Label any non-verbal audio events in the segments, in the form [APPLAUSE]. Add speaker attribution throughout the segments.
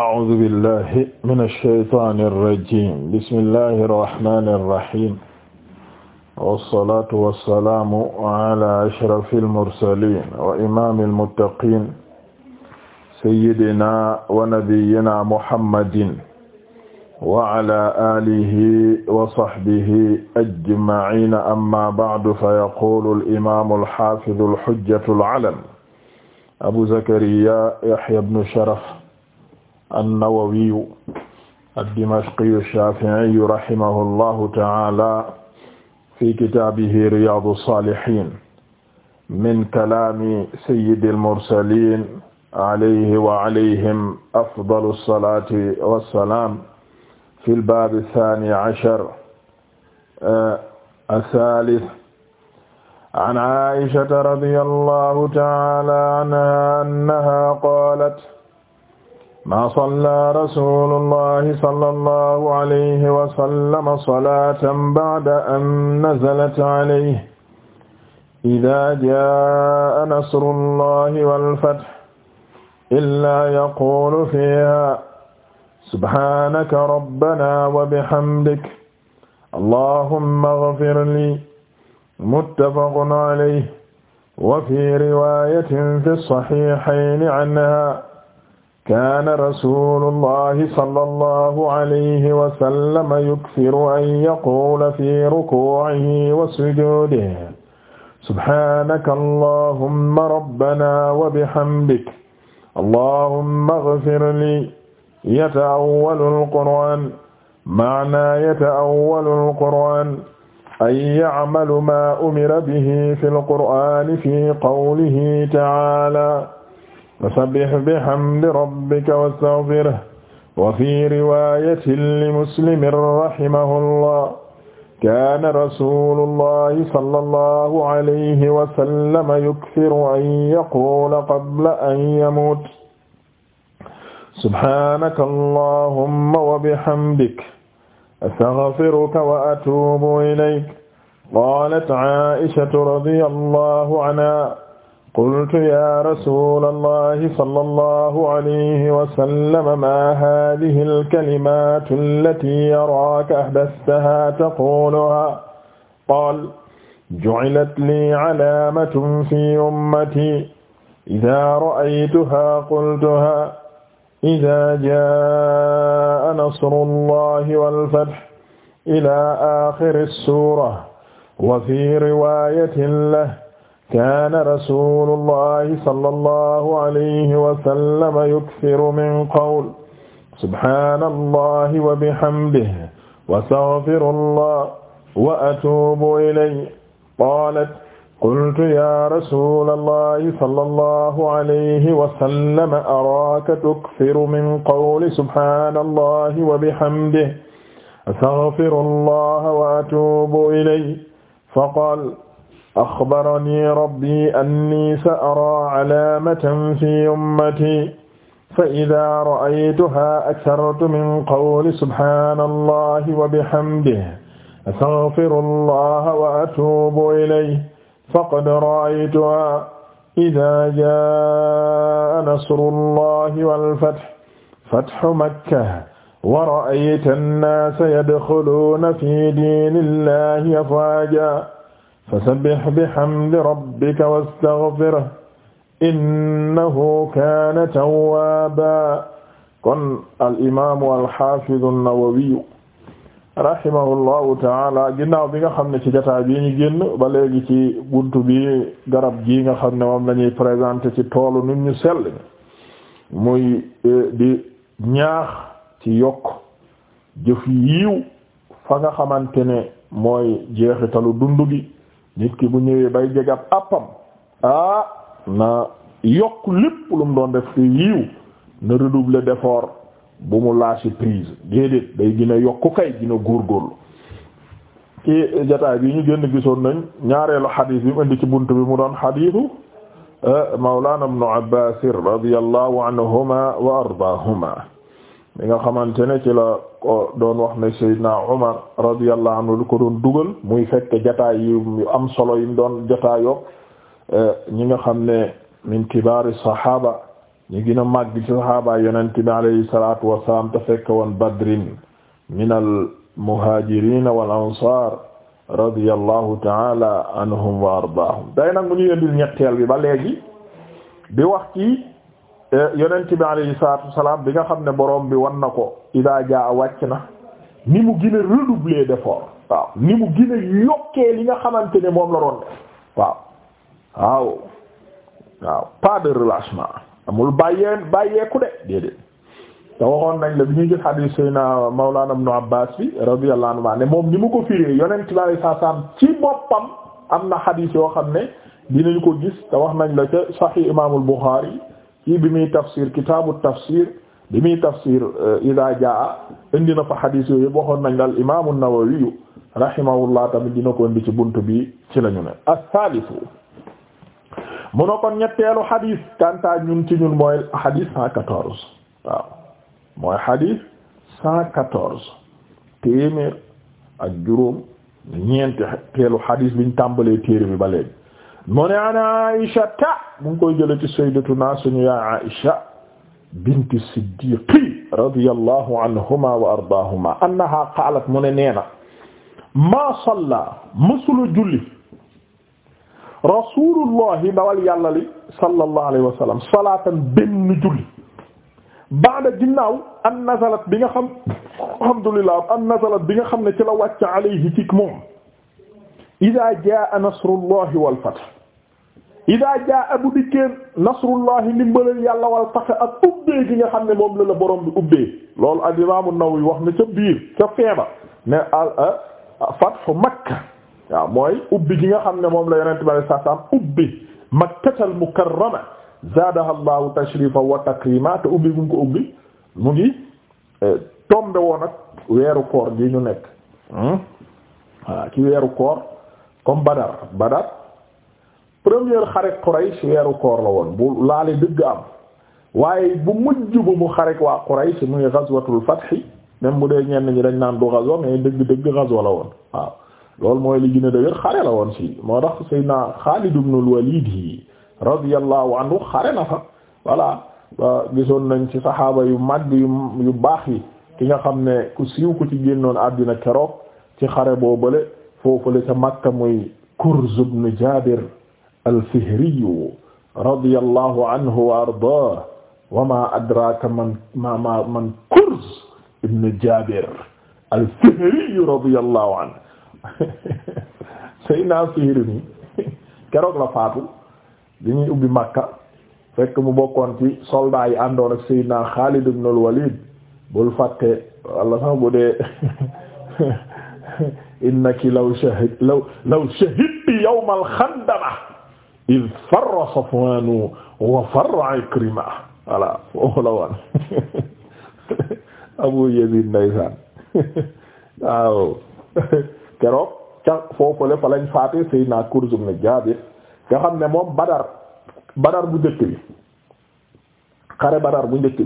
Speaker 1: أعوذ بالله من الشيطان الرجيم بسم الله الرحمن الرحيم والصلاة والسلام على أشرف المرسلين وإمام المتقين سيدنا ونبينا محمد وعلى آله وصحبه أجمعين أما بعد فيقول الإمام الحافظ الحجة العلم أبو زكريا يحيى بن شرف an-Nawawiyu ad-Dimashqiyu ash-Shafi'iyu rahimahu llahu ta'ala fi kitaabihi Riyaadu s-Saalihiin min kalaami sayyidil mursaliin alayhi wa alayhim afdalu s-salaati wa s-salaam fil baabi s-saani ashar eh, as-saalis an Aa'ishata radiyallahu ta'ala anhaa annahaa qaalat maa salla rasulullahi sallallahu alayhi wa sallama salatan ba'da an nazalat alayhi idaa jaa'a nasrullahi wal fath illaa yaqulu fiihaa subhaanaka rabbanaa wa bihamdik allahumma ighfir lii muttafaqun alayhi wa fii riwaayatin fi sahiihayni anhaa kaana rasuulullahi sallallahu alayhi wa sallam yukthiru an yaquula fi rukuu'ihi wa sujuudihi subhaanaka allahumma rabbanaa wa bihamdik allahumma ighfir lii yata'awwalul qur'aan ma'naa yata'awwalul qur'aan ay ya'malu maa umira bihi fil qur'aani fi qawlihi ta'aalaa fasabbih bihamdi rabbika wastaghfirhu wa fi riwaayatin li muslimin rahimahullah kaana rasuulullahi sallallahu alayhi wa sallam yukthiru an yaquula qabla an yamuut subhaanaka allahumma wa bihamdika astaghfiruka wa atuubu ilayka qaalat aa'ishatu radiyallahu anhaa qultu ya rasula allahi sala allahu alayhi wasallama ma hadihi alkalimatu allati araaka ahdastaha taquluha qaal jucilat lii calaamatun fi ummati ida ra'aytuha qultuha ida jaa nasru allahi walfatx ila axiri ssuura wa fi riwayatin lahu kaana rasuulullahi sallallahu alayhi wa sallam yukthiru min qawl subhaanallahi wa bihamdihi wa astaghfirullah wa atuubu ilayhi qaalat qultu ya rasuulallahi sallallahu alayhi wa sallam araaka tukthiru min qawli subhaanallahi wa bihamdihi astaghfirullah wa atuubu ilayhi faqaala axbarani rabbi anni sa araa calaamatan fi ummati fa idaa ra'aytuhaa aktartu min qawli subhaana allahi wa bihamdihi astaghfirullaha wa atuubu ilayhi faqad ra'aytuhaa idaa jaa'a nasrullahi wal fathu fathu makkah wa ra'ayta annaasa yadxuluuna fi diinillahi afwaajaa fasabbih bihamdi rabbika wastaghfirhu innahu kaana tawwaaba kon al imaamu al haafidu an-Nawawi rahimahullahu taala ginnaaw bi nga xam ne ci jotaay bi génn ba léegi ci buntu bi garab gi nga xam ne moom la ñuy présenté ci toolu nit ñu sel muy eh, di ñaax ci yokk jëf yiiw fa nga xamante ne mooy jeexitalu dundu gi nit ki bu ñëwee bay jeg ab àppam ah na yokk lépp lu mu doon def te yiw na redoubler d'effort bu mu lâcher prise déedéet day gën a yokk kay gën a góorgóorlu ci jataay bi ñu génn gisoon nañ ñaareelu xadiis bi mu indi ci bunt bi mu doon xadiisu eh, mawlana ibnu abbaas radiyallahu anhuma wa ardaahuma mi xamante ne ci la ko doon wax ne Seydina Umar radiyallahu anhu lu ko doon dugal muy fekk jataay yu am solo yi mu doon jataayoo eh, ñi nga xam ne min kibaari saxaaba ñi gën a màgg ci saxaaba yonent bi alayhi salaatu wa salaam fekk woon badrin minal muhaajiriin wal ansaar radiyallahu taala anhum wa ardaahum day nag mu ñu yëndil ba léegi di wax yonent bi alayhi salaatu wasalaam bi nga xam ne borom bi wan na ko idaa wàcc na ni mu gën a redoubler waaw ni mu gën a yokkee li nga xamante ne moom la doon def waaw waaw waaw pas de relâchement amul bàyyeeku de déedéet te waxoon nañ la bi ñuy gis hadith sayna Mawlana Ibn Abbas bi radiyallahu anhu ne moom ni mu ko firee yonent bi alayhi salaatu wasalaam ci boppam am na hadith yoo xam ne dinañ ko gis te wax nañ la ca Sahih Imaamul Bukhari ci bi muy tafsir kitaabu tafsir bi muy tafsir euh, idaa jaa indi na fa xadiis yooyu yëpp waxoon nañ daal imaamu an-Nawawi rahimahullah tamit dina ko indi ci bunt bi ci la ñu ne as-saalisu mu ne kon ñetteelu xadiis kantaa ñun ci ñun mooy xadiis cent quatorze waaw mooy xadiis cent quatorze ak juróom ñeenti teelu xadiis biñ tàmbalee téere bi ba mu ne an Aïcha ta mu ngi koy jële ci sayyidatuna suñu yaay Aïcha binti siddiqi radiyallahu anhuma wa ardaahuma annaha qaalat mu ne neena maa salla mësula julli rasulullahi dawal yàlla li sallallahu alayhi wa sallam salaatan benn julli baada ginnaaw an nazalat bi nga xam alhamdulillah an nazalat bi nga xam ne ci la wàcc alayhi ci moom idaa jaa nasrullahi wal fath idaa jaa bu dikkee nasrullahi ndimbalal yàlla wa fath ak ubbee gi nga xam ne moom la la borom bi ubbee loolu al imaam an-Nawawi wax na ca biir ca feeba ne al fathu Makka waaw mooy ubbi gi nga xam ne moom la yonent bi sallallahu alayhi wasallam ubbi Makkatal mukarrama zaadaha Allahu tashrifan wa takriman te ubbi mu ko ubbi mu ngi e, tombe woon weeru koor gi ñu nekk waaw hmm? ci weeru koor comme Badar Badar première xare Quraysh weeru koor la woon bu laale dëgg am waaye bu mujj bu mu xare waa Quraysh muy ghazwatul fath même bu dee ñenn ñi dañ naan du ghazwa mais dëgg dëgg ghazwa la woon waaw loolu mooy li gën a xare la woon si moo tax Seydina Xaalid ibnul Waliid yi radiyallahu anhu xare na fa voilà gisoon nañ ci saxaaba yu màgg yu baax yi ki nga xam ne ku siiw ku ci génnoon àddina keroog ci xare boobale foofule ca Makka muy Kurz ibn Jaabir al-Fihri radiyallahu anhu wa ardaahu wa maa adraaka man ma ma man Kurz ibn Jaabir al-Fihri radiyallahu anhu Seydina Fihri mi keroog la faatu bi ñuy ubbi Makka fekk mu bokkoon ci soldat yi àndoon ak Seydina Xaalid ibn al-Waliid bul fàtte walla sax bu dee [LAUGHS] innaki law shahid law law shahidti yawmal xandama id farra safwaanu wa [LAUGHS] [LAUGHS] [LAUGHS] keroog foofu le fa lañ faate sayyidina Kurz ibn Jaabir nga xam moom badar bu njëkk bi badar bu njëkk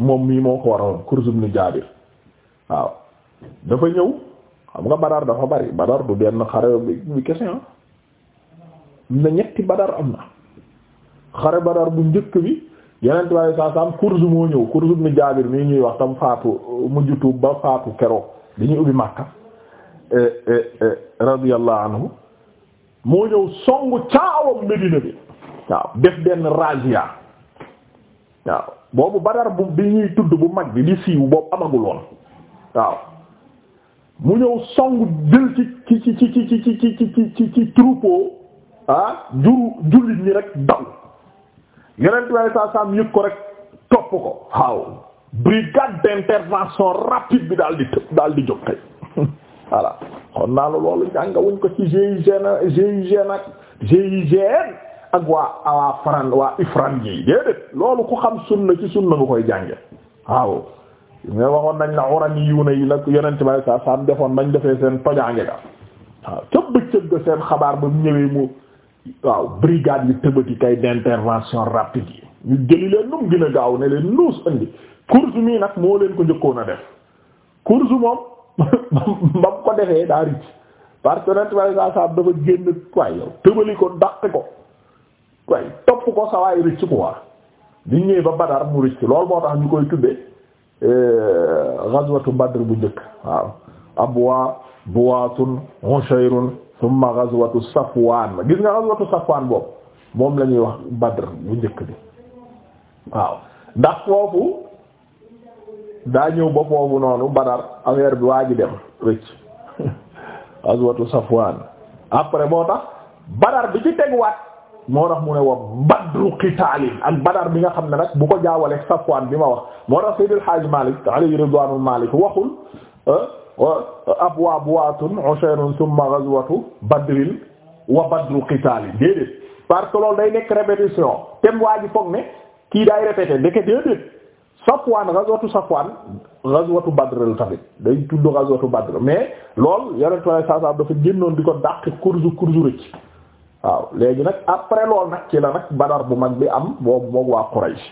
Speaker 1: moom mii moo ko waroon Kurz ibn Jaabir waaw dafa ñëw xam nga badar dafa bari badar du benn xare bi kese ah na ñetti badar am na xare badar bu njëkk bi yeneen tubaab saa saam kurzu moo ñëw kurzu mi jaabir mii ñuy wax tam faatu mujj tuub ba faatu keroog bi ñuy ubbi Makka e, e, e, radiyallahu anhu moo ñëw songu caawam Medina bi waaw def benn razzia waaw boobu badar bu bi ñuy tudd bu mag bi di siiw boobu amagul woon waaw mu ñëw song jël ci ci ci ci ci ci ci ci ci troupeau ah juru jullit rek daw yeneen tubaab saa saam yëg ko rek topp ko waaw brigade d'intervention rapide bi daal di tëb daal di jóg tey voilà xon loolu jàngawuñ ko ci GIGN GIGN ak GIGN ak waa waa Fran waa IFRAN yi déedéet loolu ku xam sunna ci sunna nga koy jànge waaw. mais waxoon nañ la a yiw na yi la yonent bay sa sam defoon nañ defee seen tojaange ga waaw ca bëccëg ga seen xabaar ba mu ñëwee mu waaw brigade yi tëbati kay d'intervention rapide yi ñu jëli leen num gën a gaaw ne leen nuus indi course mii nag moo leen ko njëkkoon a def course moom [LAUGHS] ba mu ko defee daa ricc parce que yonent bay sa sam dafa génn waaye yow ko daq ko waaye topp ko sawaay ricc ko waa liñ ñëwee ba Badar mu ricc loolu moo tax ñu Eh, ghazwatu badr bu njëkk waaw abwa buwaatun ushayrun thumma ghazwatu safwaan gis nga ghazwatu safwaan boobu moom la ñuy wax badr bu njëkk bi waaw ndax foofu daa ñëw ba foofu noonu badar affaire bi waa dem rëcc [LAUGHS] ghazwatu safwaan après moo badar bi ci tegwaat moo tax mu ne wa badru qitaalin ak badar bi nga xam ne nag bu ko jaawalee Safwaan bi ma wax moo tax Seydil Haaji Malik alayhi ridwaanul Malik waxul eh, eh, abwa buwaatun ushayrun thumma ghazwatu wa badru qitaalin déedéet parce que loolu day nekk répétition thème waa ji foog ne kii day répété ndeke déedéet Safwaan ghazwatu Safwaan ghazwatu Badr tamit day tudd ghazwatu Badr mais lool yonent sallallahu alayhi wasallam dafa génnoon di ko dàq kurzu kurzu rëcc waaw léegi nag après lool nag ci la nag badar bu mag bi am boobu moog waa Quraysh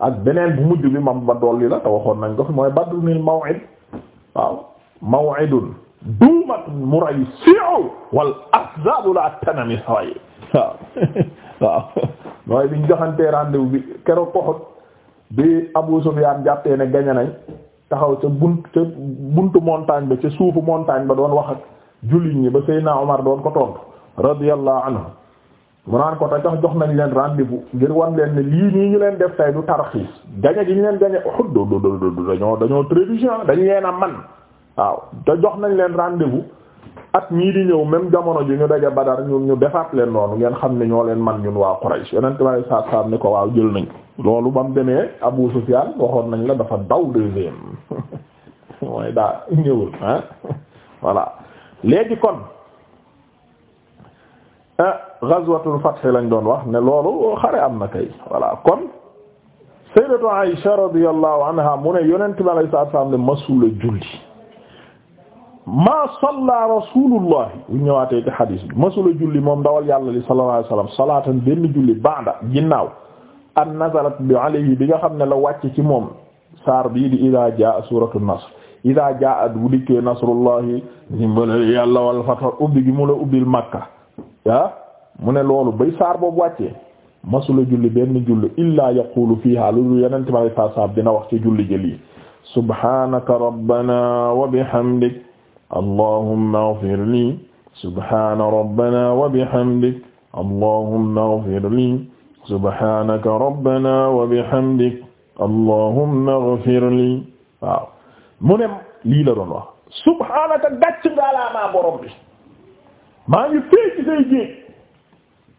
Speaker 1: ak beneen bu mujj bi mam ba dolli la te waxoon nañ ko fi mooy badrunil maw'id waaw maw'idun duumat muraysi'u wal ahzaabu la tanami waaw [LAUGHS] waaw mooy biñ joxantee rendez bi keroog Uhud bi Abu Sufyaan jàppee ne gañe nañ taxaw ca bunt ca buntu montagne ba ca suufu montagne ba doon wax ak jullit ñi ba naa Omar doon ko tontu radiyallahu anhu mu naan ko te jox jox nañ leen rendez-vous ngir wan leen ne lii nii ñu leen def tay du tarxiis gañe gi ñu leen gañe Uhud dañoo dañoo tradition dañ leen a man waaw te jox nañ leen rendez-vous at ñii di ñëw même jamono ji ñu daje Badar ñun ñu defaat leen noonu ngeen xam ne ñoo leen man ñun waa Quraysh yonent ma saa saam ni ko waaw jël nañ loolu ba mu demee Abu Sufyan waxoon nañ la dafa daw deuxième [LAUGHS] mooy daa ñëwul ah [LAUGHS] Ah ghazwatul fath lañ doon wax ne loolu xare am na kay voilà kon sayyidatu Aisha radiyallahu anha mu ne yonent bi alayhi salaatu salaam ne masula julli maa salla rasulullah bu ñëwaatee ci xadiis bi masula julli moom dawal yàlla li sallallahu alayhi wasallam salaatan benn julli ba'da ginnaaw an nazalat bi alayhi bi nga xam ne la wàcc ci moom saar bii di idaa jaa suuratu nasr idaa jaa bu dikkee nasrullahi dimbalal yàlla wal fath ubbi gi mu la ubbil makka ah mu ne loolu bay saar boobu wàccee masula julli benn julli illaa yaqulu fiiha lulu yenente mi alay saat salam dina wax ci julli jëlii subhanaka rabbana wa bihamdik allahumma ighfir li subhana rabbana wa bihamdik allahumma ighfir li subhanaka rabbana wa bihamdik allahumma ighfir li waaw mu ne lii la doon wax subhanaka gàcc ngaalaamaa borom bi maa ngi fii ci say jéeg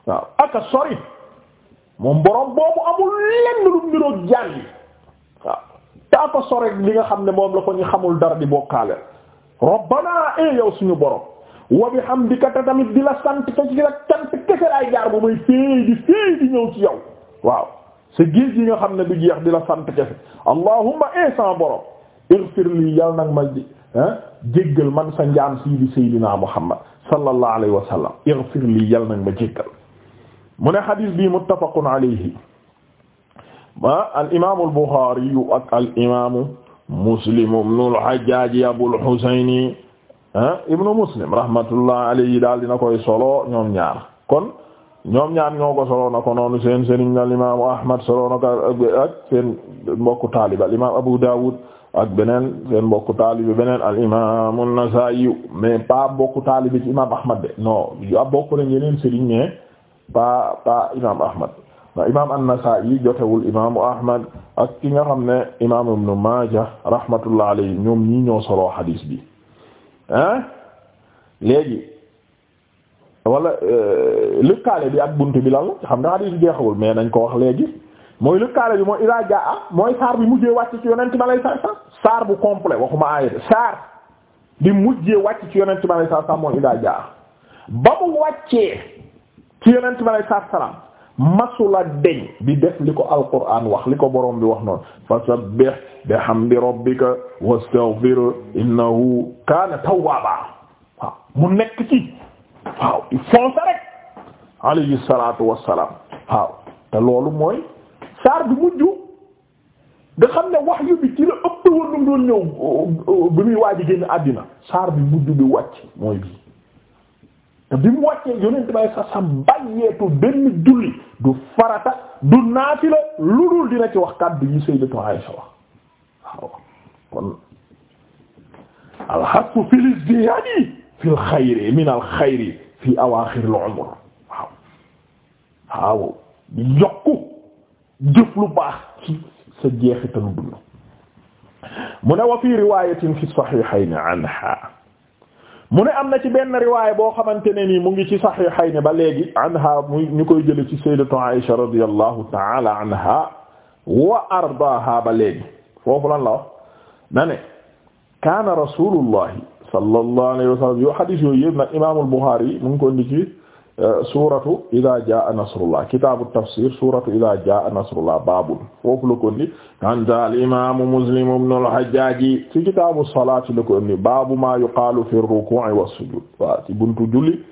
Speaker 1: waaw aka sori moom borom boobu amul lenn lu niroog jaan waaw te aka sori li nga xam ne moom la ko ñu xamul dara di bokkaale rabbana e yow suñu boroom wa bihamdika te tamit di la sant te ci la sant kese laay jaar bu may féey di féey di ñëw ci yow waaw sa géej yi nga xam ne du jeex di la sant kese allahumma e sama borom ighfir lii yàlla nag ma eh, jéggal man sa njaam sii di seydinaa muhammad sallallahu alayhi wa sallam ighfir li yal nag ma jéggal mu ne xadis bi muttafaqun alayhi ma al imaamu al Buxaari ak al imaamu Muslim ibnu al Hajjaaj Abul Husayn ah, ibnu Muslim rahmatullah alayhi daal dina koy solo ñoom ñaar kon ñoom ñaar ñoo ko solo na ko noonu seen sëriñ al imaamu Ahmad solo na ko ak seen mbokku taaliba al imaam Abu Daawud ak beneen seen mbokku taalibe beneen al imam an-Nasaa'i mais pas mbokku taalibe ci imam Ahmad de non a bokk nañ yeneen sëriñ mais pas pas imam Ahmad ndax imam an-Nasaa'i jotewul imamu Ahmad ak ki nga xam ne imam Ibnu Maaja rahmatullah alayhi ñoom ñii ñoo solo xadiis bi ah léegi wala euh, lëkkaale bi ak bunt bi lal xam nga xadiis bi jeexawul mais nañ ko wax léegi mooy lëkkaale bi mooy idaa jaa ah, mooy saar bi mujjee wàcc ci yonent bi alayhi salaam saar bu complet waxuma aaya de saar bi mujjee wàcc ci yonent bi alayhi salaam mooy idaa jaa ba mu wàccee ci yonent bi alayhi salaam masula deñ di def li ko alquran wax li ko borom bi wax noonu fasabbih bihamdi rabbika wastaghfir innahu kaana tawwaaba waaw mu nekk ci waaw foncer rek alayhi salaatu wassalaam waaw te loolu mooy saar bi mujj nga xam ne wax yu bi ci la ëpp woon nu mu doon ñëw euh, bi muy waaj génn àddina saar bi mujj bi wàcc mooy bii te bi mu wàccee yonent bay sa sa bàyyeetu benn julli du farata du naafila lu dul dina ci wax kàddu yi Sayyidatu Aisha wax waaw kon alxassu fil izdiyaadi fil xayri min al xayri fi awaaxiril umr waaw waaw yokku jëf lu baax ci sa jeexitalu dund mu ne wa fi riwayatin fi sahihayn anha mu ne am na ci benn riwaaya boo xamante ne nii mu ngi ci sahihayn ba léegi anha mu ñu koy jële ci sayyidatu Aisha radiyallahu ta'ala anha wa ardaha ba léegi foofu lan la wax na ne kaana rasulullahi sallallahu wa sallam yo xadiis yooyu yëpp nag imaamul Buxaari mu ngi ci suuratu idaa jaa nasrullah kitaabu tafsir suuratu idaa jaa nasrullah baabul foofu la ko indi anta al imaamu muslim ibnu al hajjaaj ci kitaabu salaati la ko indi baabu maa yuqaalu fi rukuu'i wa sujuud waaw buntu julli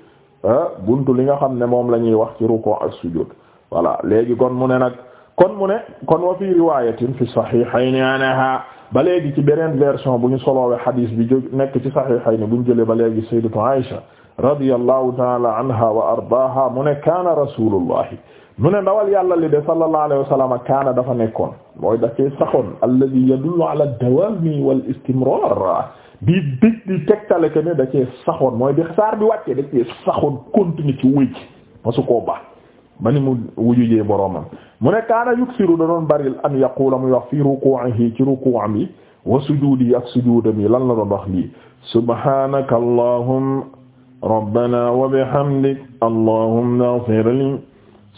Speaker 1: ah, buntu li nga xam ne moom la ñuy wax ci rukuu' ak sujuud voilà léegi kon mu ne nag kon mu ne kon wa fi riwaayatin fi sahiihayni anhaa ba léegi ci beneen version bu ñu soloowe xadiis bi jóg nekk ci sahiihayni bu ñu jëlee ba léegi sayyidatu Aisha radiyallahu taala anha wa ardaaha mu ne kaana rasulullahi mu ne ndawal yàlla li de sallallahu alayhi wa sallam kaana dafa nekkoon mooy dafee saxoon alladi yadullu ala dawaami wal istimrar bi dig di tegtale que ne da cee saxoon mooy bi saar bi wàccee da cee saxoon continue ci wéy masu koo baax ba ni mu wujujee boroomam mu ne kaana yuksiru da doon bari an yaqula muy wax fii ruku'ihi ci ruku'am yi wa sujuudi yi ak sujuudam yi lan la doon wax lii subhaanaka allahumma rabbana wa bihamdik allahumma ighfir li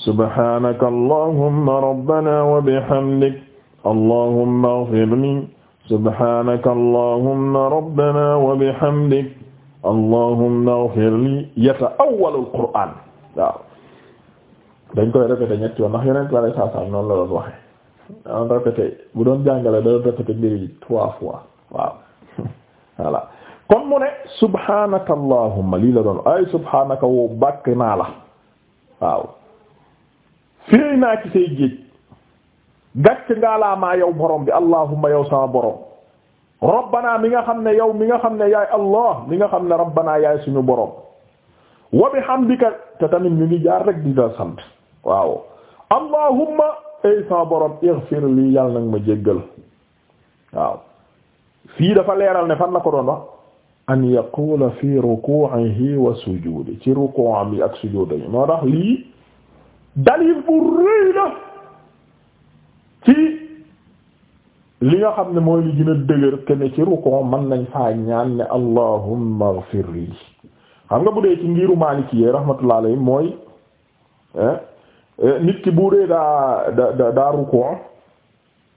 Speaker 1: subhanaka allahumma rabbana wa bihamdik allahumma ighfir li subhanaka allahumma rabbana wa bihamdik allahumma ighfir li yata'awwalul qur'aan waaw dañ koy répété ñetti yoon ndax yeneen la saa saa noonu la doon waxe daan répété bu doon jàngale da doon répété mbir yi trois fois waaw [LAUGHS] voilà kon mu ne subhanaka allahumma lii la doon ay subhanaka woo bàkk naa la waaw féey naa ci say maa yow borom bi allahumma yow sama borom rabbana mi nga xam ne yow mi nga xam ne yaay allah mi nga xam ne rabbana yaay suñu borom wa tamit ñu ngi jaar rek di la sant waaw allahumma ay sama borom ighfir lii yàlla nag ma jéggal waaw fii dafa leeral ne fan la ko doon wax an yaqula fi ruku'ihi wa sujudi ci ruku'am yi ak sujudam yi moo tax lii dalil bu rëy la ci li nga xam ne mooy li gën a dëgër ke ci ruku' mën nañ faa ñaan ne allahumma ighfir xam nga bu dee ci ngiru Maliki yi rahmatullah alayhi mooy eh, eh, nit ki bu daa da daa ruku'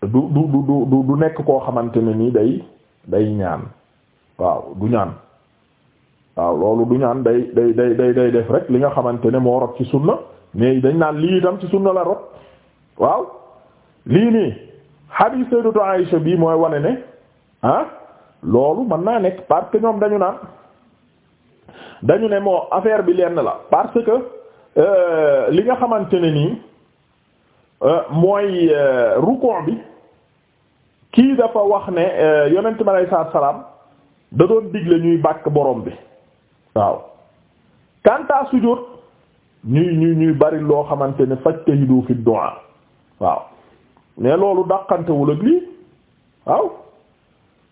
Speaker 1: du du du du du nekk koo xamante ne nii day day ñaan waaw du ñaan waaw loolu du ñaan day day day day day def rek li nga xamante ne moo rot ci sunna mais dañ naan lii itam ci sunna la rot waaw lii nii hadith sayyidatu Aisha bii mooy wane ne ah loolu mën naa nekk parce que ñoom dañu naan dañu ne moo affaire bi lenn la parce que euh, li nga xamante ne nii euh, mooy euh, ruku bi kii dafa wax ne yonent bi alayhi salaam da doon digle ñuy bàkk borom bi waaw kanta sujjóot ñuy ñuy ñuy bari loo xamante ne fajtahidu fi du'a waaw mais loolu dàqantewul ak lii waaw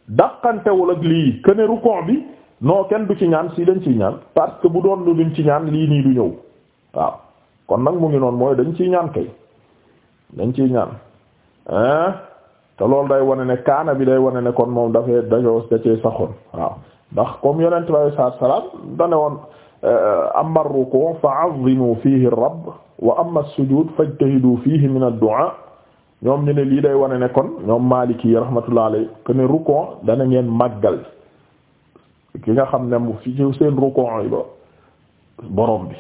Speaker 1: dàqantewul ak lii que ne bi noo kenn du ci ñaan si dañ ciy ñaan parce que bu doon lu duñ ci ñaan lii nii du ñëw waaw kon nag mu ngi noonu mooy dañ ciy ñaan kay dañ ciy ñaan te loolu day wane ne kaana bi day wane ne kon moom dafay dajoo da cee saxoon waaw ndax comme yonent bi alayhi salaatu wa salaam da ne woon euh, amma fa 'azzimu fiihi ar wa amma as-sujuud fajtahidu fiihi min ad ñoom ñu lii day wane ne kon ñoom Maliki rahmatullahi alayhi que ne rukuu ngeen màggal ki nga xam ne mu fi seen rukuu yi borom bi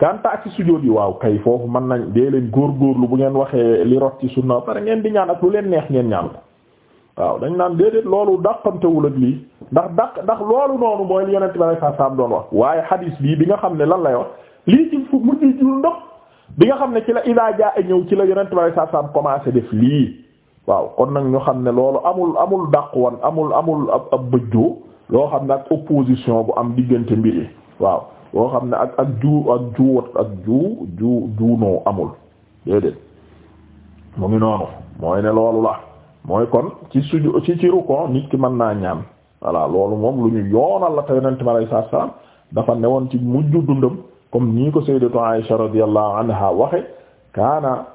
Speaker 1: kanta ak ci sujjóot yi waaw kay foofu mën nañ dee leen góorlu bu ngeen waxee li rot ci sunna pare ngeen di ñaan ak lu leen neex ngeen ñaan ko waaw dañ naan déedéet loolu dàqantewul ak lii ndax dàq ndax loolu noonu mooy yonent bi sallallahu alayhi wasallam doon wax waaye hadis bii bi nga xam ne lan lay wax lii ci fu mujj jur ndox bi nga xam ne ci la idaa jaa ñëw ci la yonent bi sallallahu alayhi wasallam def lii waaw kon nag ñu xam ne loolu amul amul dàq woon amul amul ab ab bëjjoo loo xam ne ak bu am diggante mbir waaw boo xam ne ak ak juu ak juwat ak juu juu amul déedéet mu ngi noonu mooy ne loolu la mooy kon ci suju ci ci ruko nit ki mën naa ñaan voilà loolu moom lu ñu yoonal la te yonent mi alayhi salaatu salaam dafa newoon ci mujju dundam comme nii ko sayyidatu Aisha radiyallahu anha waxe kaana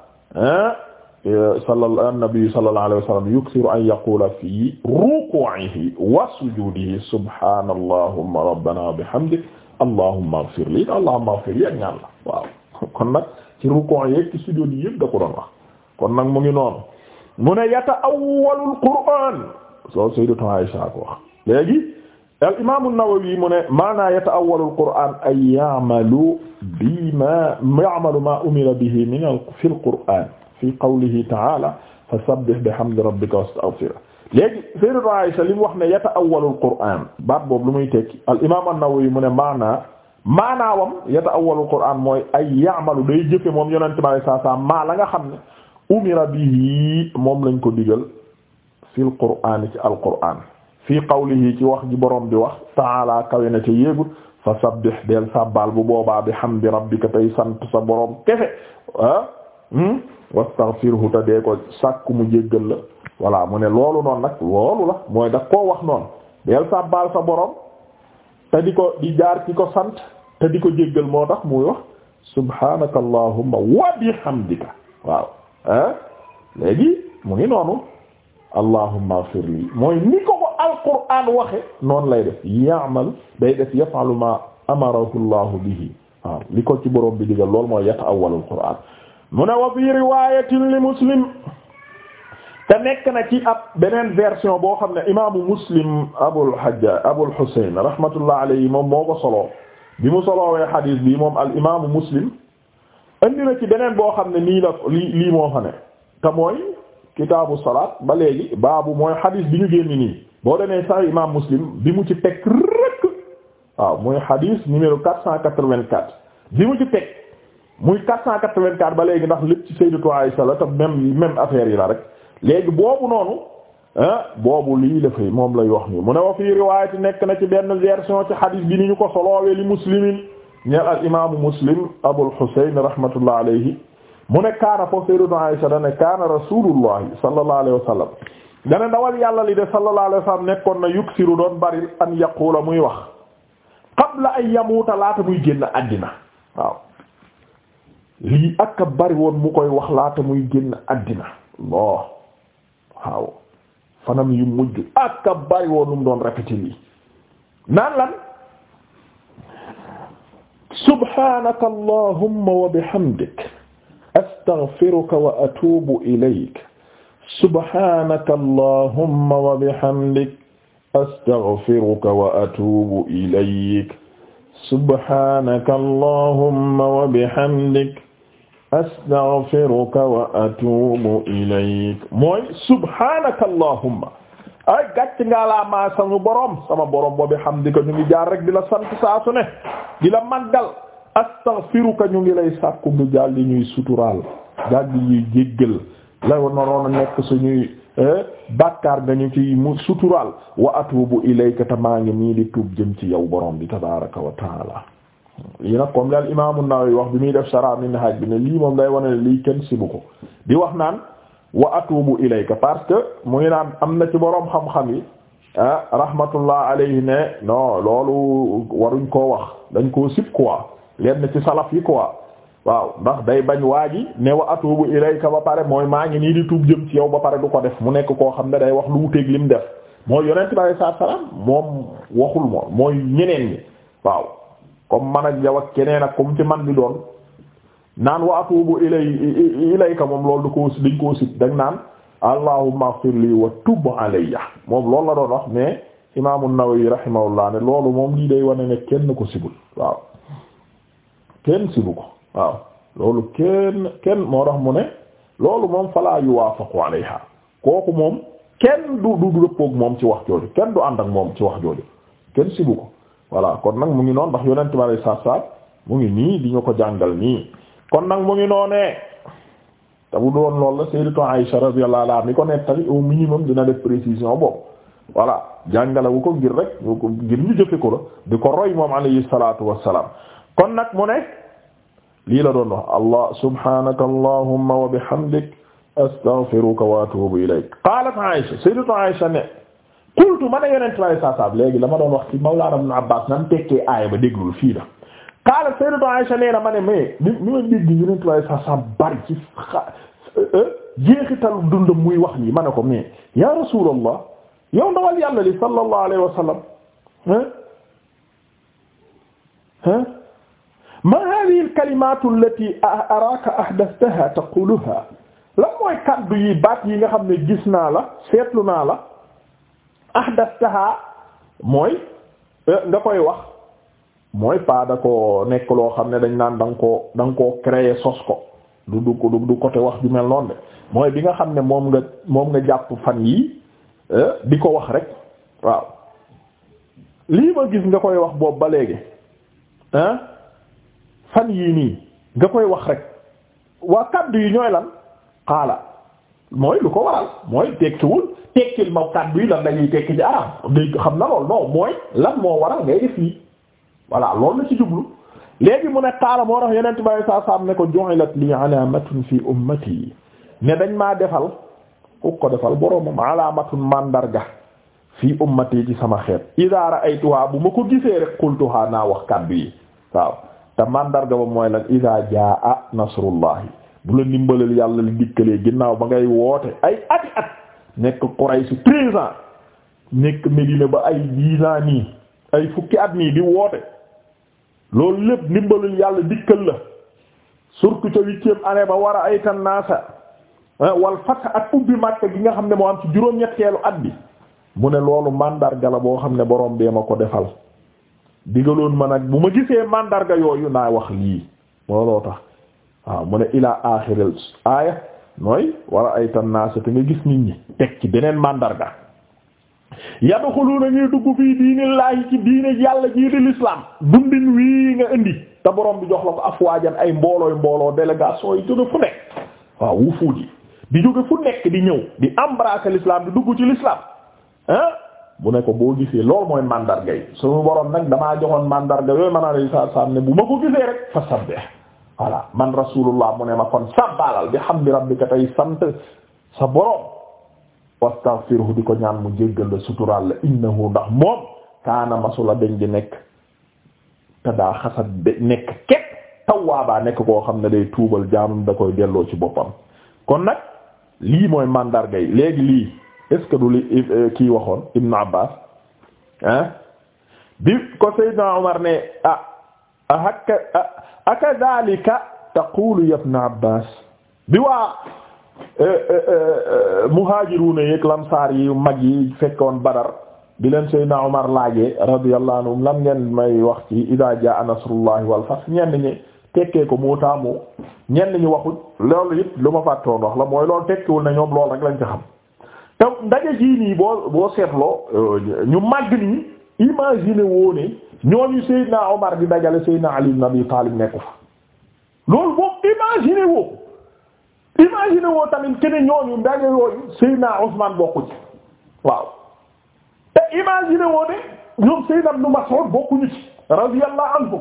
Speaker 1: sala annabi sallallahu alayhi wa sallam yuksiru an yaqula fi ruku'ihi wa sujudihi subhaana allahumma rabbana wa bihamdik allahumma ighfir li allahumma ighfir li ak ñaan la waaw kon nag ci rukon yeeg ci sujjóot yi yëpp da ko doon wax kon nag mu ngi noonu mu ne yata awwalul qur'an soo sayyidatu Aisha ko wax léegi al imam an-Nawawi mu ne maana yata awwalul qur'an ay ya'malu bima ya'malu ma umira bihi min fi al-qur'an fi qawlihi ta'ala fasabbih bihamdi rabbika wastaghfirhu léegi Sayyidatu Aisha li mu wax ne yata'awwalul Qur'an baat boob lu muy tekki al imaam an-Nawawi mu ne maanaa maanaawam yata'awwalul Qur'an mooy ay ya'malu day jëfe moom yonent bi sallallahu alayhi maa la nga xam ne umira bihi moom lañ ko digal fil Qur'an ci al Qur'an fii qawlihi ci wax ji borom bi wax ta'ala kawe na ca yéegul fa sabbih del sabbal bu boobaa bi xam hamdi rabbika tey sant sa borom kefe ah hmm, wastaghfirhu ta dee ko sàkku mu jéggal la voilà mu ne loolu noon nag loolu la mooy daf koo wax noonu del sàbbaal sa borom te di ko di jaar ci ko sant te di ko jéggal moo tax muy wax subhanaka allahumma wa bihamdika waaw ah léegi mu ngi noonu allahumma ighfir li mooy ni ko ko alquran waxe noonu lay def ya'mal day def yaf'alu ma amarahu allah bihi waaw li ko ci borom bi digal loolu mooy yata'awwal alquran mu ne wa fi riwayatin li muslim te nekk na ci ab beneen version boo xam ne imaamu muslim abul hajjaj abul husayn rahmatullah alayhi moom moo ko soloo bi mu soloowee hadith bi moom al imaamu muslim indi na ci beneen boo xam ne nii la lii moo fa ne te mooy kitaabu salaat ba léegi baabu mooy hadith bi ñu génn nii boo demee sax imaam muslim bi mu ci teg rëkk waaw mooy hadith numéro 484 bi mu ci teg muy 484 ba léegi ndax lépp ci sayyidatu Aisha la affaire yi la rek. léegi boobu noonu ah boobu lii la fay moom lay wax nii mu ne waa fii riwaayati nekk na ci benn version ci xadis bi ni ñu ko soloowe li muslimin ñeel al imaamu muslim abul husayn rahmatullah alayhi mu ne kaana foofu sayyiduna Aisha dane kaana rasulullah sallallahu alayhi dana dawal yàlla li de sallallahu alayhi wa nekkoon na yuksiru doon bari an yaqula muy wax qabla an yamuuta laata muy génn àddina waaw lii ak bari woon mu koy wax laata muy génn àddina waaw fanam yu mujj ak ka bari woon mu doon répété lii naan lan subhanaka allahumma wa bihamdik astaghfiruka wa atubu ilayk subhanaka allahumma wa bihamdik astaghfiruka wa atubu ilayk subhanaka allahumma wa bihamdik astaghfiruka wa atuubu ilayk mooy subhaanaka allahumma ay gàcc ngaa laa maa sama borom sama borom boobu hamdika ñu ngi jaar rek di la sant saa su ne di la màggal ñu ngi lay sàkku bi jàll li ñuy suturaal jàll ñuy jéggal la naroon a nekk suñuy eh, bàkkaar nga ñu ci mu suturaal wa atuubu ilayka te maa ngi nii di tuub jëm ci yow borom bi tabaaraka wa taala lii nag comme daal Imaam An-Nawawi wax bi muy def Sharh Minhaj bi ne lii moom day wane ne lii kenn sibu ko di wax naan wa atubu ilayka parce que muy naan am na ci boroom xam-xam yi ah rahmatullah alayhi ne non loolu waruñ koo wax dañ koo sib quoi leen ci salaf yi quoi waaw ndax day bañ waa ji ne wa atubu ilayka ba pare mooy maa ngi nii di tuub jëm ci yow ba pare du ko def mu nekk koo xam ne day wax lu wuteeg lim def mooy yonent bi sallallahu alayhi waxul moom mooy ñeneen comme man ak yow ak keneen ak comme ci man di doon naan wa atubu ilay ilayka moom loolu du ko dañ koo sit dañ naan allahumma ighfir li wa tub alayya moom loolu la doon wax mais imaamu Nawawi rahimahullah ne loolu moom lii day wane ne kenn ko sibul waaw kenn sibu ko waaw loolu kenn kenn moo tax mu ne loolu moom falaa yuwaafaqu alayha kooku moom kenn du du dëppook moom ci wax jooju kenn du ànd ak moom ci wax jooju kenn sibu ko voilà kon nag mu ngi noonu ndax yonent bi alayhi salaatu salaam mu ngi nii di ñu ko jàngal nii kon nag mu ngi noonee te bu doon loolu la Sayyidatu Aïsha radiyallahu anha mi ko nettali au minimum dina def précision boobu voilà jàngale wu ko ngir rek wu ko ngir ñu jëfe ko la di ko roy moom alayhi salaatu wassalaam kon nag mu ne lii la doon wax allah subhanaka allahumma wa bihamdik astaghfiruka wa atubu ilayk qalat Aïsha Sayyidatu Aïsha ne qultu ma ne yonent bi léegi la ma doon wax ci Mawlaana Ibn Abbaas nan tekkee aaya ba déglul fii la qaala sayyidatu Aisha nee na ma ne mais ni ni ma dégg yonent bi bari ci xa euh, muy wax nii mane ko mais yaa Rasuulallah yow ndawal yàlla li sallallahu alayhi wa sallam ma hadhihi al-kalimatu allati araka taquluha lan mooy kaddu yi baat yi nga xam ne gis naa la seetlu naa la ahdastaha mooy euh, nga koy wax mooy pas da ko nekk loo xam ne dañ naan da nga koo da nga créer sos ko du du du du côté wax ju mel noon de mooy bi nga xam ne moom nga moom nga jàpp fan yi euh, di ko wax rek waaw lii ma gis nga koy wax boobu ba léegi fan yii nii nga koy wax rek waa kaddu yi ñooy lan xaala mooy lu ko waral mooy tekkiwul tekkil ma kàddu yi lan la tekki ci arab dégg xam na lool non mooy lan moo waral ngay def lii voilà loolu la ci jublu léegi mu ne xaala moo tax yeneen tubaab yi saa saam ne ko ju'ilat li alaamatun fi ummati ne dañ maa defal ku ko defal boromam alaamatun mandarga fi ummati ci sama xeet idaa ra'aytuha bu ma ko gisee rek qultuha naa wax kàddu yi waaw te mandarga ba mooy lan idaa jaa nasrullahi bu la ndimbalal yàlla li dikkalee ginnaaw ba ngay woote ay ati at nekk Quraysh treize ans nekk Medina ba ay dix ans nii ay fukki at nii di woote loolu lépp ndimbalul yàlla dikkal la surtout ca huitième année ba war a ay tannaasa eh, wal fat ak ubbi Makka gi nga xam ne moo am ci juróom-ñetteelu at bi mu ne loolu mandarga la boo xam ne borom bee ma ko defal digaloon ma nag bu ma gisee mandarga yooyu naa wax lii looloo tax waaw mu ne ilaa aaxiril aaya mooy wara ay tannaasa te nga gis nit ñi teg ci beneen màndarga yadxuluuna ñuy dugg fii diinillaahi ci diine yàlla jiite l'islam dundin wii nga indi te borom bi jox la ko afwaajan ay mboolooy mbooloo délégation yi jóge fu nekk waaw wufuud yi di jóge fu nekk di ñëw di embrasser l'islam di dugg ci l'islam ah bu ne ko boo gisee loolu mooy mandarga yi suñu borom nag damaa joxoon mandarga yooyu ne ma ko gisee rek fa voilà man rasulullah mu ne ma kon sabbalal bi hamdi rabbika tey sant sa borom wastaghfirhu di ko ñaan mu jéggal la suturaal la innahu ndax moom kaana masula dañ di nekk te daa xasat de nekk képp tawwaabaa nekk koo xam ne day tuubal jaamam da koy delloo ci boppam kon nag lii mooy màndarga yi léegi lii est-ce que eh, eh, waxoon Ibn Abbas ah bi ko Seydina Omar ne ah akadhalika taqulu ya ibn abbas bi waa e, e, e, muhaajiruuna yeeg lamsaar yi mag yi fekkoon badar bi leen seydna omar laajee radiyallahu anhum lam ngeen may wax ci idaa jaa nasrullahi wal fath ñenn ñi tekkee ko moo taamu ñenn ñi waxul loolu it lu ma fàttoon wax la mooy loolu tekkiwul na ñoom loolu rek lañ ci xam te ndaje jii nii boo boo seetloo ñu màgg nii imaginer woo ne ñooñu Seydina Omar di dajale Seydina Ali ibn Abi Talib nekku fa loolu boobu imaginer woo imaginer woo tamit keneen ñooñu ndaje yooyu Seydina Ousmane bokku ci waaw te imaginer woo ne ñoom Seydina Ibn Mas'ud bokkuñu ci radiyallahu anhu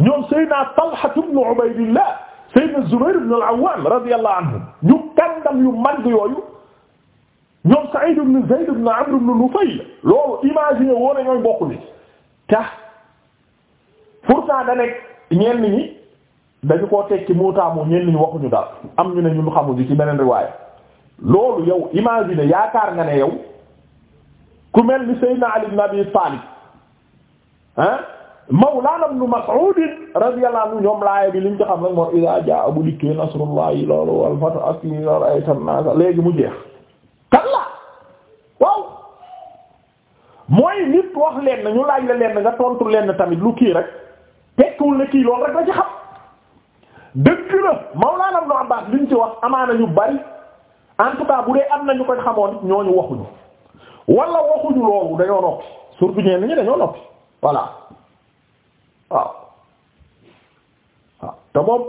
Speaker 1: ñoom Seydina Talha ibn Ubaydillah Seydina Zubayr ibn al-Awwam radiyallahu anhu ñu kàndam yu mag yooyu. ñoom Sa'id ibn Zayd ibn Amr ibn Nufayl loolu imagine woo na ñooy bokk ni tax pourtant da nekk ñenn ñi dañu koo tekki muutaamu ñenn ñi waxuñu dal am ñu ne ñun xamuñu ci beneen riwaaya loolu yow imagine yaakaar nga ne yow ku mel ni Sayyidina Ali ibn Abi Talib ah Mawlana ibn Mas'ud radiyallahu anhu ñoom laaya bi liñ ci xam nag moom idaa jaa bu dikkee nasrullahi loolu wal ak yi loolu ay tan léegi mu jeex kalla waaw mooy nit wax leen ñu laaj la leen nga tontu leen tamit lu kii rek tekkiwul ne kii loolu rek la ci xam dëgg la Mawlana Ibn Abbas liñ ci wax amaana ñu bari en tout cas bu dee am na ñu koy xamoon ñooñu waxuñu wala waxuñu loolu dañoo noppi surtout ñenn ñi dañoo noppi voilà waaw te moom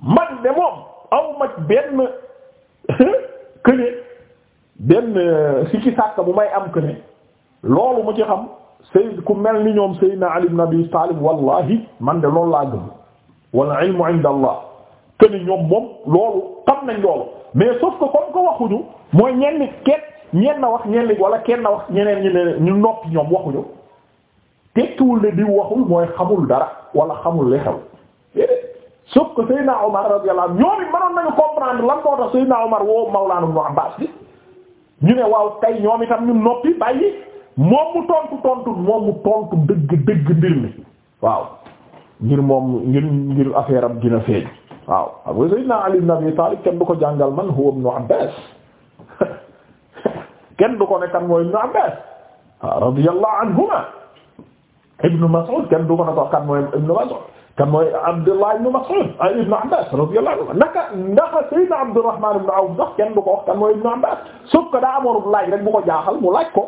Speaker 1: man de moom aw ma benn [LAUGHS] kële. benn euh, sikki sàkk bu may am que ne loolu mu ci xam Seyd ku mel ni ñoom Seydina Ali ibn Abi Talib wallahi man de loolu laa gëm wal ilmu inda Allah que ni ñoom moom loolu xam nañ loolu mais sauf que ko waxuñu mooy ñenn kenn ñenn na wax ñenn wala kenn na wax ñeneen ñi ñu noppi ñoom waxuñu tekkiwul ne di waxul mooy xamul dara wala xamul li xew sauf na Seydina Omar radiyallahu anhu ñoom it mënoon nañu comprendre lan moo tax Seydina Omar woo Mawlana Ibn Abbas bi ñu ne waaw tey ñoom itam ñu noppi bàyyi moom mu tontu tontu moom mu tontu dëgg dëgg mbir mi waaw ngir moom ngir ngir affaire dina feeñ waaw xam nga Sayyidina Ali ibn Abi kenn du ko jàngal man huwa ibn Abbas [LAUGHS] kenn du ko ne kan mooy ibn Abbas radiyallahu anhuma ibn Mas'ud kenn du ko ne ko kan mooy ibn te mooy Abdullah ibn Mas'ud ay ibn Abbas radiyallahu anhu naka ndaxa Sayyidna Abdurrahman ibn Awf sax kenn du ko wax kan mooy ibn Abbas sauf que daa amoon laaj rek bu ko jaaxal mu laaj ko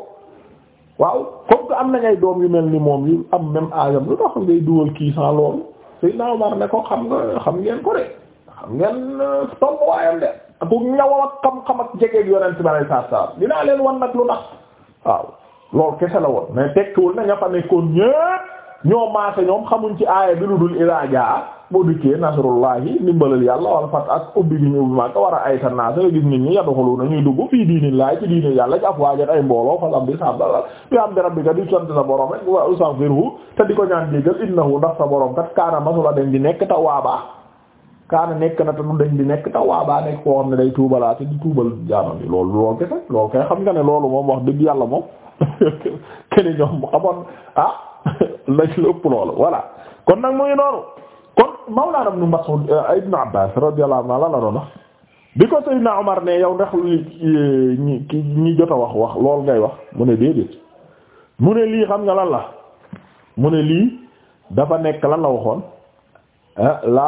Speaker 1: waaw comme que am na ngay doom yu mel ni moom yu am même âge am lu tax ngay dugal kii sans loolu Sayyidna Umar ne ko xam nga xam ngeen ko de xam ngeen euh, tomb waayam de bu ñaw ak xam-xam ak jegeeg yonent bi alayhi salaam dinaa leen wan nag lu tax waaw loolu kese la wo mais tekkiwul na ñoo maase ñoom xamuñ ci aaya bi lu dul idaa jaa boo dikkee nasrullahi ndimbalal yàlla wala fat ak ubbi gi ñu ubbi Makka war a ayta naas la gis nit ñi yadxulu na ñuy dugg fii diinillahi ci diini yàlla ci afwaajan ay mbooloo fa lam bi sabdala bi am bi rabbika di sant sa borom rek wa astaghfiruhu te di ko ñaan jéggal innahu ndax sa borom kat kaana masula den di nekk tawaaba kaana nekk na te du den di nekk tawaaba nekk koo xam ne day tuubalaa te di tuubal jaamam yi ne loolu moom wax dëgg yàlla moom [LAUGHS] [LAUGHS] lañ la ëpp loolu voilà kon nag moo noonu kon Mawlana Ibn Mas'ud eh, Ibn Abbas radiyallahu anhu la la doon wax bi ko Seydina Omar ne yow ndax eh, ñi ki ñi jot a wax wax wax mu ne déedéet mu lii xam nga lan la mu ne lii dafa nekk lan la waxoon eh, la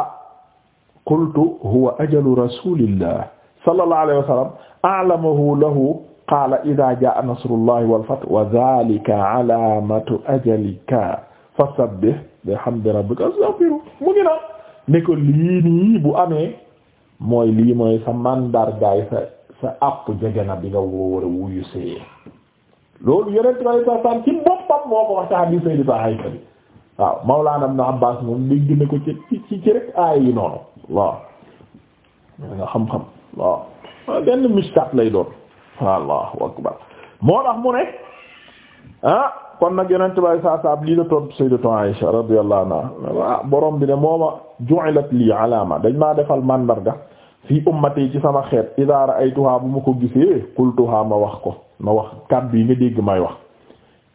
Speaker 1: qultu huwa ajalu rasulillah sallallahu alayhi wa sallam a'lamahu qaala idaa jaa nasrullahi wal fath wa zaalika alaamatu ajalika fasabbih bihamdi rabbika astaghfiru mu ngi naan ne ko lii nii bu amee mooy lii mooy sa mandargaay sa sa àpp jege na bi nga wóor a wuyu see loolu yonent bi alayhi salaam ci boppam moo ko wax ci hadiis Sayyidatu Aysa bi waaw Mawlaana Ibn Abbaas moom dégg na ko ci ci ci rek aaya yi noonu waaw nga xam-xam waaw benn mistaat lay doon. allahu akbar moo tax mu ne ah kon nag yonent bay saa saab lii la tontu sayyidatu Aisha radiyallahu anha ah, borom bi ne mooma ju'ilat lii alaama dañ maa defal mandarga fii ummati ci sama xeet idaa ra'aytuha bu ma ko gisee qultuha ma wax ko ma wax kàddu yi nga dégg may wax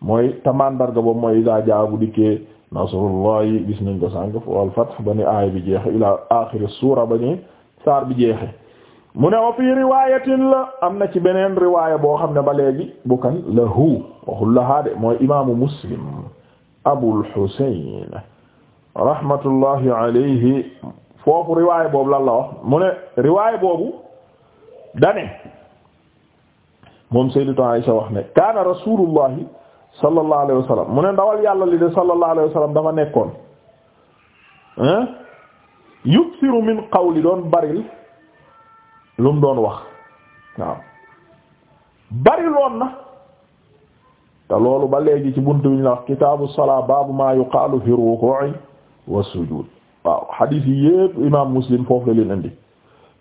Speaker 1: mooy te mandarga boobu mooy idaa jaabu dikkee nasrullahi gis nañ ko sànq wal fath ba ni aaya bi jeexe ila aaxiri suura ba ni saar bi jeexe mu ne wa fii riwaayatin la am na ci beneen riwaaya boo xam ne ba léegi bu kan lahu waxul lahaa de mooy imaamu muslim abul husayn rahmatullahi alayhi foofu riwaaya boobu lan la wax mu ne riwaaya boobu dane moom sayyidatu Aisha wax ne kaana rasulullahi sallallahu alayhi wa sallam mu ne ndawal yàlla li de sallallahu alayhi wa dafa nekkoon yuksiru min qawli doon baril lu mu doon wax waaw bari loon na te loolu ba léegi ci buntu bi ñu wax kitaabu salaa baabu maa yuqaalu fi ruku'i wa sujud waaw hadith yi imaam muslim foofu la leen indi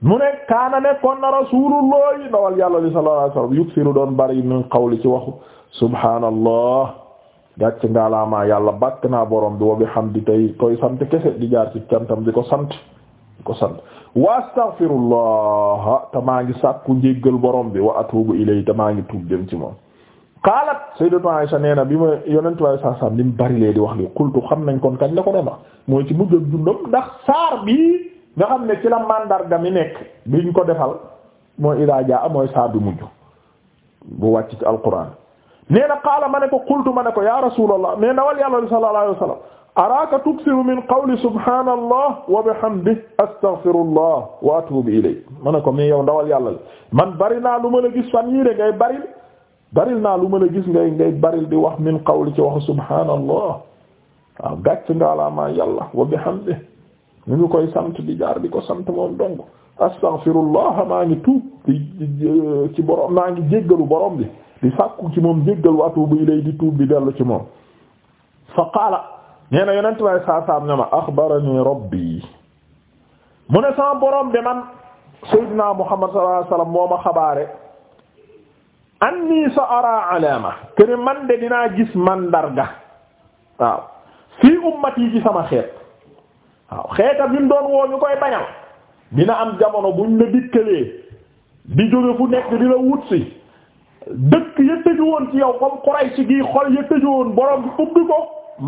Speaker 1: mu ne kaana nekkoon na rasuulullahi ndawal yàlla li sallallahu alayhi wasallam yuksiru doon bari min qawli ci waxu subhaanallah gàcc ngaalaamaa yàlla bàkk naa borom bi wa bihamdi tey koy sant kese di jaar ci cantam di ko sant ko sant wa astaghfirullah te maa ngi sàkku njéggal borom bi wa atubu ilay te maa ngi tuub jëm ci moom qaalat sayyidatu Aisha nee na bi ma yonentu Yàlla saa saam li mu bari lee di wax li qultu xam nañ kon kañ la ko doon wax mooy ci mujj ak dundam ndax saar bi nga xam ne ci la mandarga mi nekk biñ ko defal mooy idaa jaa mooy saar bi mujj bu wàcc ci alquran nee na qaala ma ne ko qultu ma ne ko ya rasulallah mais ndawal yàlla sallallahu alayhi wa sallam araaka tuksiru min qawli subhanallah wa wa atubu ilayhi ma ne ko mais yow ndawal yàlla man bari naa lu ma gis fan yii de ngay baril baril naa lu ma la gis ngay ngay baril di wax min qawli ci wax subhanallah waaw gàcc ngaalaamaa yàlla wa bihamdihi ñu ngi koy sant di jaar di ko sant moom dong astaghfirullah maa ngi tuub ci borom maa ngi jéggalu borom bi di sàkku ci moom jéggal wa atubu ilay di tuub di dellu ci moom fa qaala nee na saasaam ne ma axbarani rabbi mu ne sama borom de man sayyidina muhammad sallallahu alayhi wasallam moo ma xabaare anni sa ara alama kene man de dinaa gis mandarga waaw fii ummati ci sama xeet waaw xeeta bi mu doon woo ñu koy bañal dina am jamono buñ la dikkalee di jóge fu nekk di wutsi dëkk ya tëju woon ci yow comme Quraysh gi xol ya tëju woon borom bi ubbi ko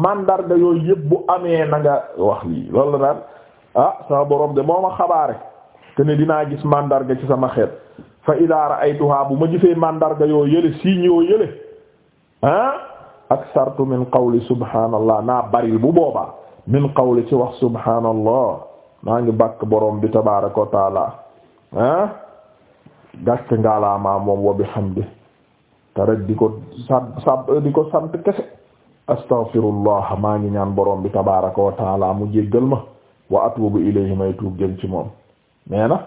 Speaker 1: mandarga yooyu yëpp amee na nga wax lii loolu la naan ah sama borom de moo ma xabaare te ne dinaa gis mandarga ci sama xeet fa idaa ra'aytuha bu ma gisee mandarga yoo yële signe yoo yële ah aksartu min qawli subhaanallah naa baril bu boobaa min qawli ci wax subhaanallah maa ngi bàkk boroom bi tabaaraka wa taala ah ngaalaamaa moom wa bihamdi te di ko sab sab di ko sant kese astaghfirullah maa ngi ñaan borom bi tabaraka wa taala mu jéggal ma wa atubu ilayhi may tuub jëm ci moom nee na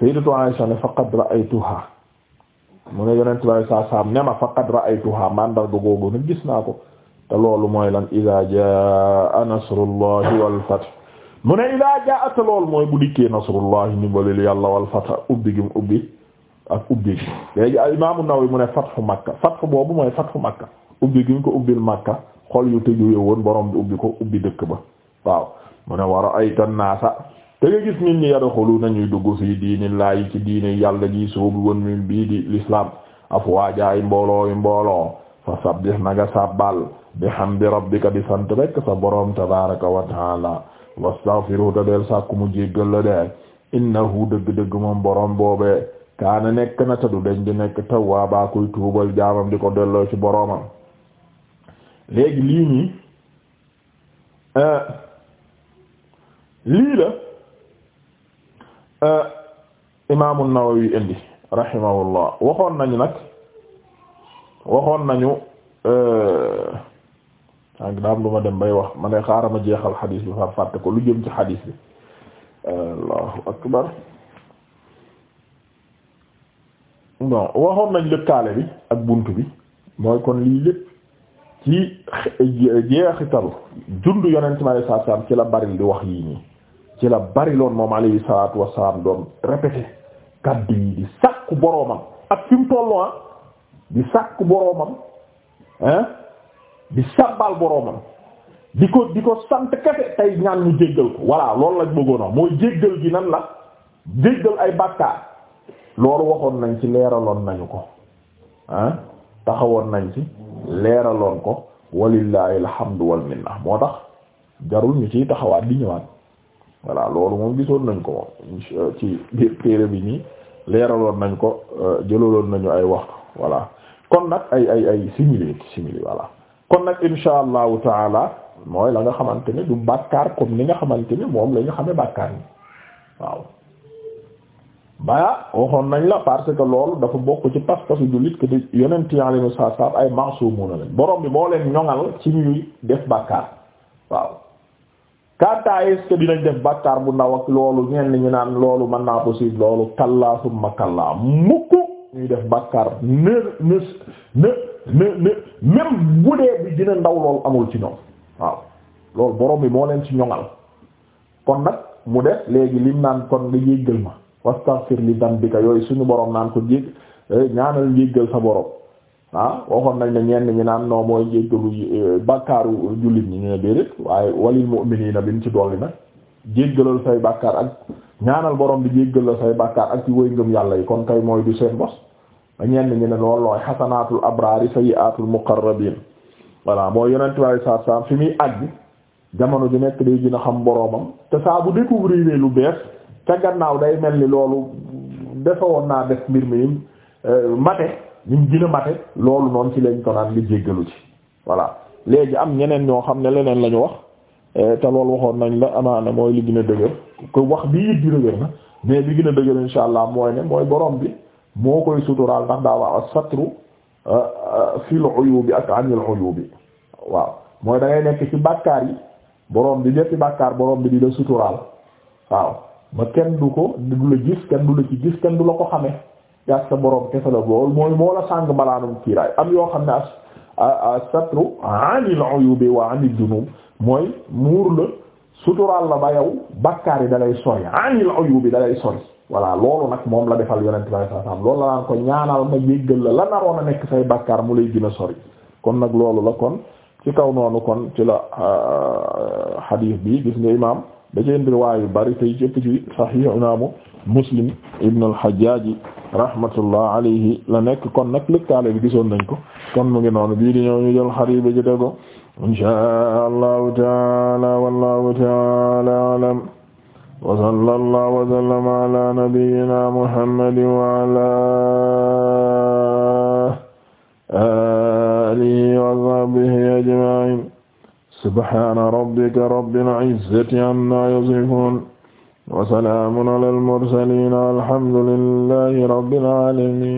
Speaker 1: sayyidatu Aisha ne faqad ra'aytuha mu ne yonent bi saa saam ne ma faqad ra'aytuha mandarga googu nag gis naa loolu mooy lan idaa jaa nasrullahi wal fath mu ne idaa jaa te loolu mooy bu dikkee nasrullahi ndimbalil yàlla wal fath ubbi gi ubbi ak ubbi gi léegi al imaamu Nawawi mu ne fatxu Makka fatxu boobu mooy fatxu Makka ubbi gi ñu ko ubbil Makka xol yu tëju woon borom bi ubbi ko ubbi dëkk ba waaw mu ne war ay tan naasa te nga gis nit ñi yadxulu nañuy dugg fii diinillaahi ci diini yàlla ji soobu woon min bii lislaam l'islam afwaaja ay mbooloo mbooloo fa sabbih naga sabbal bihamdi rabbika di sant rekk sa borom tabaaraka wa taala wastaghfiruhu ta del sàkku mu jéggal la de dëgg kaana nekk na tadu dañ di nekk tawwaaba kuy tuubal jaamam di ko delloo ci boroomam léegi lii nii euh, lii la euh, imaamu Nawawi indi rahimahullah waxoon nañu nag waxoon nañu euh, sànq daam lu ma dem bay wax ma ne xaaral ma jeexal xadiis bi far fàtte ko lu jëm ci xadiis bi allahu akbar bon waxoon nañ lëkkaale bi ak bunt bi mooy kon lii lépp ci jeexitalu dundu yonent mi alayhi salaam ci la bari di wax yii nii ci la bariloon moom alayhi salaatu wasalaam doon répété kaddu yi di sàkku boroomam ak fi mu ah, di sàkku boroomam ah di sàbbal boroomam di ko di ko sant kese tey ñaan ñu jéggal ko voilà loolu lañ bëggoon a mooy jéggal gi nan la jéggal ay bàkkaar loolu waxoon nañ ci leeraloon nañu ko ah taxawoon nañ ci leeraloon ko walillahi alhamdu wal minna moo tax jarul ñu ciy taxawaat di ñëwaat voilà loolu moom gisoon nañ ko moom ci biir téere bi nii leeraloon nañ ko euh, jëlaloon nañu ay wax voilà kon nag ay ay ay simili simili voilà kon nag insha allahu taala mooy la nga xamante ne du bàkkaar comme ni nga xamante ne moom lañu ñu xamee bàkkaar ni waaw ba waxoon nañ la parce que loolu dafa bokk ci pas-pasu jullit que yeneen yonent yi alayhi salaam ay ma'sumun lañ borom bi moo leen ñoŋal ci ñuy def bàkkaar waaw kanta dinañ def bàkkaar bu ndaw ak loolu ñenn ñu naan loolu mën naa possible loolu kallaa summa kallaa mukk ñuy def bàkkaar ne ne ne ne même bu dee bi dina ndaw loolu amul ci ñoom waaw loolu borom bi moo leen ci ñoŋal kon nag mu def léegi lim naan kon nga wastaghfir li dambika yooyu suñu borom naan ko jég eh, ñaanal njéggal sa borom ah waxoon nañ ne ñenn ñi naan noo mooy jéggalu eh, bàkkaaru jullit ñi ñu ne déedéet waaye walil mu'minina bi ñu ci dolli nag jéggalal say bàkkaar ak ñaanal borom bi jéggalal say bàkkaar ak ci wëy ngëm yàlla yi kon kay mooy du seen bos ñenn ñi ne lool looy xasanaatul abraari sayyi'aatul muqarrabiin voilà mooy yonentu Yàlla saa saa fi muy àgg jamono ju nekk day gën a xam boromam te saa ca gannaaw day mel ni loolu defe woon naa def mbir mi euh, mate ñu gën a mate loolu noonu ci lañ ko naan li jéggalu ci voilà léegi am ñeneen ñoo xam ne leneen la ñu wax euh, te loolu waxoon nañ la amaana mooy li gën a dëgër ko wax bii it bi dëgër na mais bi gën a dëgër insha allah mooy ne mooy borom bi moo koy suturaal ndax daa wax as-satru euh, fil uyubi ak anil uyubi waaw mooy da ngay nekk ci bàkkaar yi borom bi ñetti bàkkaar borom bi di la suturaal waaw ba kenn du ko du la gis kenn du la ci gis kenn du la ko xame yàgg sa borom kese la lool mooy moo la sàng mbalaanum kiiraay am yoo xam ne as as satru anil uyubi wa anil junub mooy muur la suturaal la ba yow bakkaar yi dalay sori anil uyubi dalay sori voilà loolu nag moom la defal yonent bi saa saam loolu la naan ko ñaanal ma jéggal la la naroon a nekk say bàkkaar mu lay gën sori kon nag loolu la kon ci kaw noonu kon ci la hadith bi gis nga imaam. da ci indi riwaaya yu bari tey jëpp ci sahih imaamu muslim ibn al-Hajjaj rahmatullah alayhi la nekk kon nag lëkkaale bi gisoon nañ ko kon mu ngi noonu bii di ñëw ñu jël xarit bi ci dego inshaa allahu taala wallahu taala alam wa sallallahu wa sallama ala nabiyyina muhammadin wa ala alihi wa sahbihi ajma'in subhaana rabbika rabbil izzati ammaa yasifuun wa salaamun alal mursaliin walhamdu lillahi rabbil aalamiin